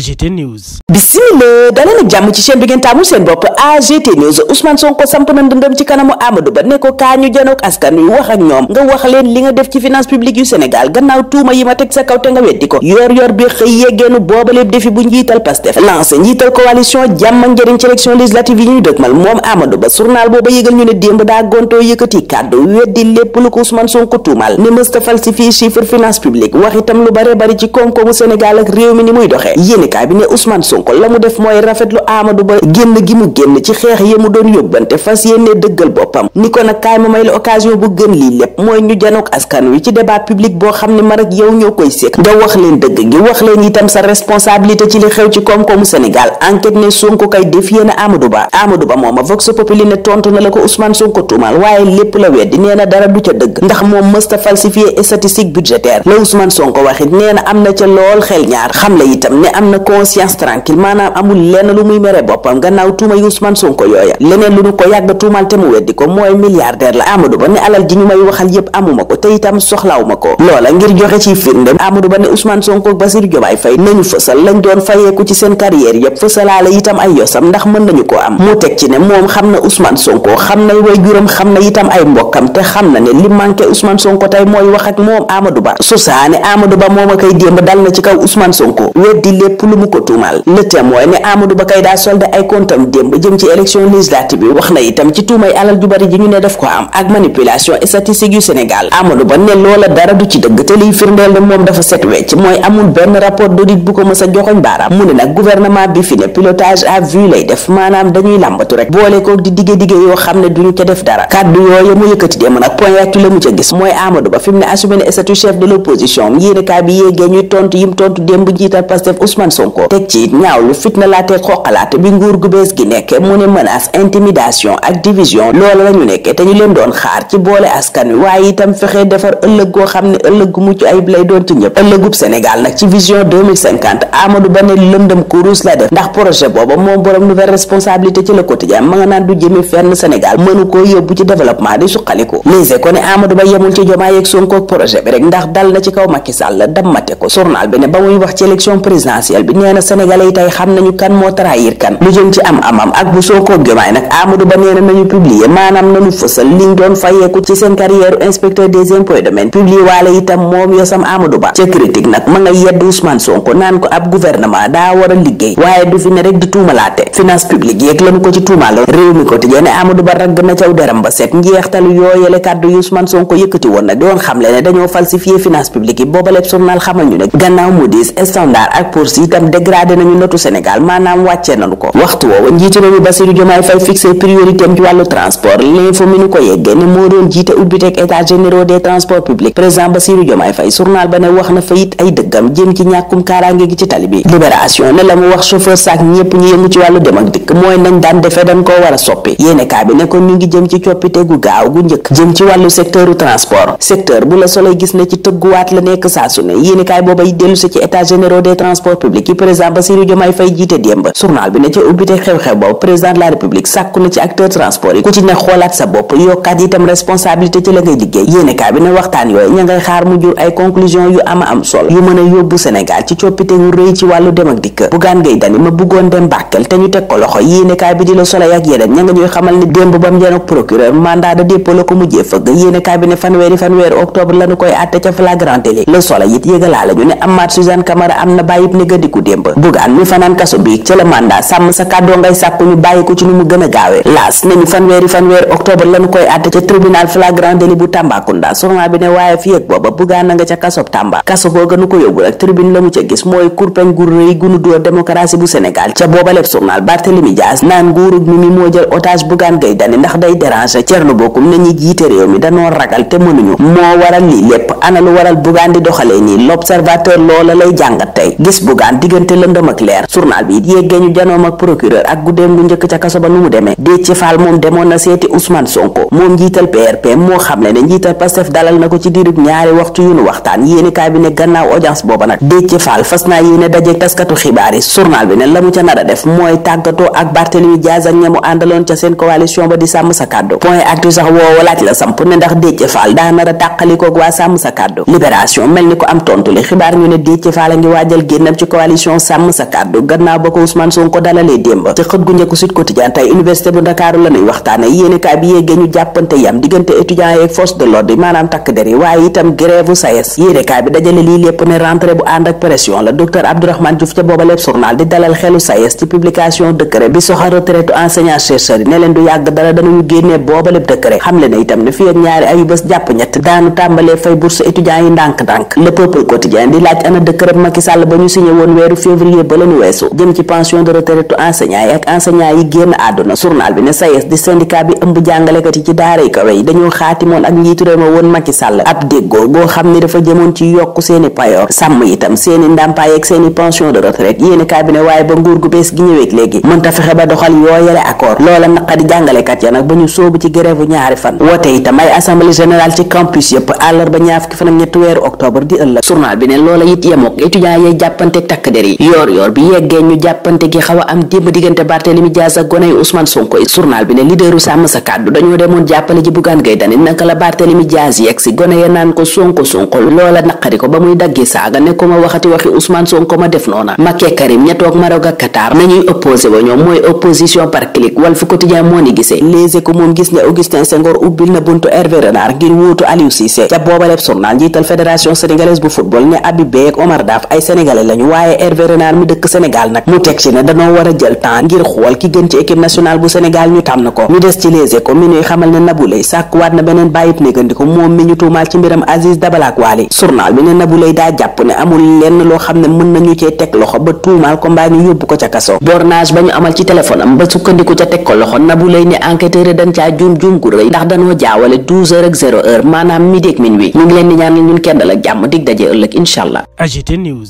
AGT News. dalee nag jàmm ci chaîne bi ngeen taamu seen bopp AGT News Ousmane Sonko samp na ndëndëm ci kanamu Amadou Ba ne kaa ñu janook askan wi wax ak ñoom nga wax leen li nga def ci finance publique yu Sénégal gannaaw tuuma yi ma teg sa kaw te nga weddi ko yor-yor bi xëy yeggeenu boobaleeb defi bu njiital Pastef lancé njiital coalition jàmm ak ci législative yi ñuy dëgmal moom Amadou Ba journal booba yëgal ñu ne démb daa gontoo yëkkati kàddu yéenekaay bi ne Ousmane Sonko la mu def mooy rafetlu Amadou Ba génn gi mu génn ci xeex yi mu doon yóbbante fas yéene dëggal boppam ni ko nag kaay ma may la occasion bu gën lii lépp mooy ñu janook askan wi ci débat public boo xam ne man ak yow ñoo koy séq nga wax leen dëgg gi wax leen itam sa responsabilité ci li xew ci koom-koomu Sénégal enquête ne Sonko kay défier na Amadou Ba Amadou Ba mooma Vox Populi ne tontu na la ko Ousmane Sonko tuumaal waaye am na conscience tranquille maanaam amul lenn lu muy mere boppam gannaaw tuuma yi Ousmane Sonko yooya leneen lu ñu ko yàgg tuumal te mu weddi ko mooy milliardaire la nañu fësal lañ doon fayeeku ci seen carrière yépp fësalaale itam ay yosam ndax mën nañu ko am mu teg ci ne moom xam na Ousmane Sonko xam na waajuram xam na itam ay mbokkam te xam na ne li manqué Ousmane Sonko tey mooy wax ak moom Amadou Ba su saane Ba moom a démb dal na ci kaw Ousmane Sonko weddi lépp lépp lu mu ko tuumal le témoin ne Amadou Ba kay daa solde ay comptam démb jëm ci élection législative bi wax na itam ci tuumay alal ju bari ji ñu ne daf ko am ak manipulation statistique a baaraam mu ne nag gouvernement bi fi ne pilotage à vue lay def maanaam dañuy làmbatu rek boole ko di digge digge yoo xam ne duñu ca def dara kàddu yooyu mu yëkkati démb nag point yàccu la mu gis mooy Amadou Ba fi ne assumé ne chef Ousmane Sonko teg ci it ñaawlu fitna laateeg xoqalaat bi nguur gu bees gi nekk mu ne menace intimidation ak division loola la ñu nekke te ñu leen doon xaar ci boole askan wi waaye itam fexe defar ëllëg goo xam ne ëllëg gu mucc ayib lay doon ci ñëpp ëllëgub Sénégal nag ci vision 2050 Amadou Ba ne lëndëm kurus la def ndax projet booba moom borom nouvelle responsabilité ci le quotidien ma nga naan du jëme fenn Sénégal mënu koo yóbbu ci développement di suqaliku lise ko ne Amadou Ba yemul ci jomaa yeeg Sonko projet ndax dal na kaw Macky Sall dammate officiel bi nee na sénégalais yi tey xam nañu kan moo trahir kan lu jëm ci am amam ak bu Sonko Diomaye nag Amadou Ba nee nañu publier maanaam nañu fësal liñ nga yedd Ousmane Sonko naan a du fi ne rek di tuumalaate finance publique yeeg lañu ko ci tuumaaloon réew mi quotidien ne Amadou Ba ragg na caw deram ba set njeextalu yooyele kàddu yu Ousmane Sonko yëkkati woon nag doon xamle ne dañoo falsifier finance publique yi boobaleb journal xamal ñu ne gannaaw Moody's itam dégradé nañu notu Sénégal maanaam wàccee nañu ko waxtu woowu njiitu réew mi Bassirou Diomaye Faye fixé priorité am ci wàllu transport l'info mi nu ko yeggee ne moo doon jiite ubbiteg états généraux des a transport secteur bu la soleil gis ne ci tëgguwaat la nekk saa ne yéene kaay booba dellu ci états généraux des transports publics république yi président Bassirou Diomaye Faye jiite démb journal bi ne ca ubbite xew-xew boobu président de la république sàkku na ci acteur transport yi ku ci ne xoolaat sa bopp yokkaat itam responsabilité ci la ngay liggéey yéene kaa bi ne waxtaan yooyu ña ngay xaar mu jur ay conclusion yu ama am solo yu mën a yóbbu Sénégal ci coppite wu rëy ci wàllu dem ak dikk Bougane Gueye Dany ma bëggoon dem Bakel te ñu teg ko loxo yéene kaay bi di la solo ak yeneen nemmeeku démb bugaan mi fanaan kaso bi ca la mandat sàmm sa kàddoo ngay sàpp ñu bàyyi ko ci nu mu gën a gaawee laas nañu fanweeri fanweeri octobre lañu koy àtte ca tribunal flagrant délit bu Tambacounda journal bi ne waaye fi ak booba bugaan na nga ca kasob Tamba kaso googa nu ko yóbbu rek tribune la mu ca gis mooy kurpeñ gu rëy gunu dóor démocratie bu Sénégal ca boobaleb journal Barthélemy Dias naan nguurug mi moo jël otage bugaan gay dani ndax diggante lëndëm ak leer journal bi yéggee ñu janoom ak procureur ak guddeem gu njëkk ca kaso ba nu mu demee Déthié Fall moom demoon na seeti Ousmane Sonko moom njiital PRP moo xam ne njiital Pastef bi ne gannaaw fas naa yéene dajeek taskatu xibaar yi journal bi ne la ca nar a def mooy tàggatoo ak Barthélemy Diaz ak ñamu àndaloon ca seen coalition ba di sàmm sa kàddu point actu sax woowa laaj la samp ne ndax Déthié Fall daa nar a waa sàmm sa kàddu a coalition sàmm sa kàddu gannaaw ba ko Ousmane Sonko dalalee démb ci xët njëkk Sud Quotidien tey université bu Ndakaaru la ñuy waxtaane yéenekaay bi yéegee ñu jàppante yam diggante étudiants yeeg force de l'ordre maanaam takk der yi waaye itam grève SAES yéenekaay bi dajale lii lépp ne rentrée bu ànd ak pression la docteur Abdourahmane Diouf ca booba lépp journal di dalal xelu SAES ci publication décret bi soxal retraite enseignant chercheurs yi ne woon weeru février ba weesu jëm ci pension de retraite enseignant yi ak enseignant yi génn àdduna journal bi ne SAES di syndicat ëmb jàngalekat yi ci daara kawe yi dañoo xaatimoon ak njiitu réew ma ak seeni pension de retraite yéeni ne waaye ba nguur gu bees gi ñëweeg léegi mënta fexe ba doxal yooyale accord loola naqadi jàngalekat ya nag ba ñu soobu ci grève ñaari fan wote itam ay assemblée générale ci campus yëpp àllarba ñaar fukki fan ak takk der yi yoor yoor bi yeggee ñu jàppante gi xaw a am démb diggante Barthélemy Dias ak goney Ousmane Sonko yi journal bi ko loola naqari ko ba muy daggi saaga ne ko ma waxati waxi Ousmane Sonko ma def noona Macky Karim ña toog moom gis ne Augustin Senghor ubbil na buntu Hervé Renard ngir wóotu Aliou Cissé ca boobaleb journal njiital fédération sénégalaise bu football ne Habib Beye ak Omar ay sénégalais lañu waaye waaye Hervé Renard mi dëkk Sénégal nag mu teg ci ne danoo war a jël temps ngir xool ki gën ci équipe nationale bu Sénégal ñu tànn ko ñu des ci Les Échos mi ñuy xamal ne Nabou Leye sàkkuwaat na beneen bàyyib ne Nabou Leye daa jàpp ne amul lenn loo xam ne mën nañu cee teg loxo ba tuumaal ko mbaa ñu yóbbu ko ca kaso bornage ba ñu amal ci téléphone am ba sukkandiku ca teg ko loxo Nabou Leye ne enquêteur yi dañ juum juum gu rëy ndax dañoo jaawale 12 heure ak minuit ngi leen di ñaanal ñun kenn dal ak jàmm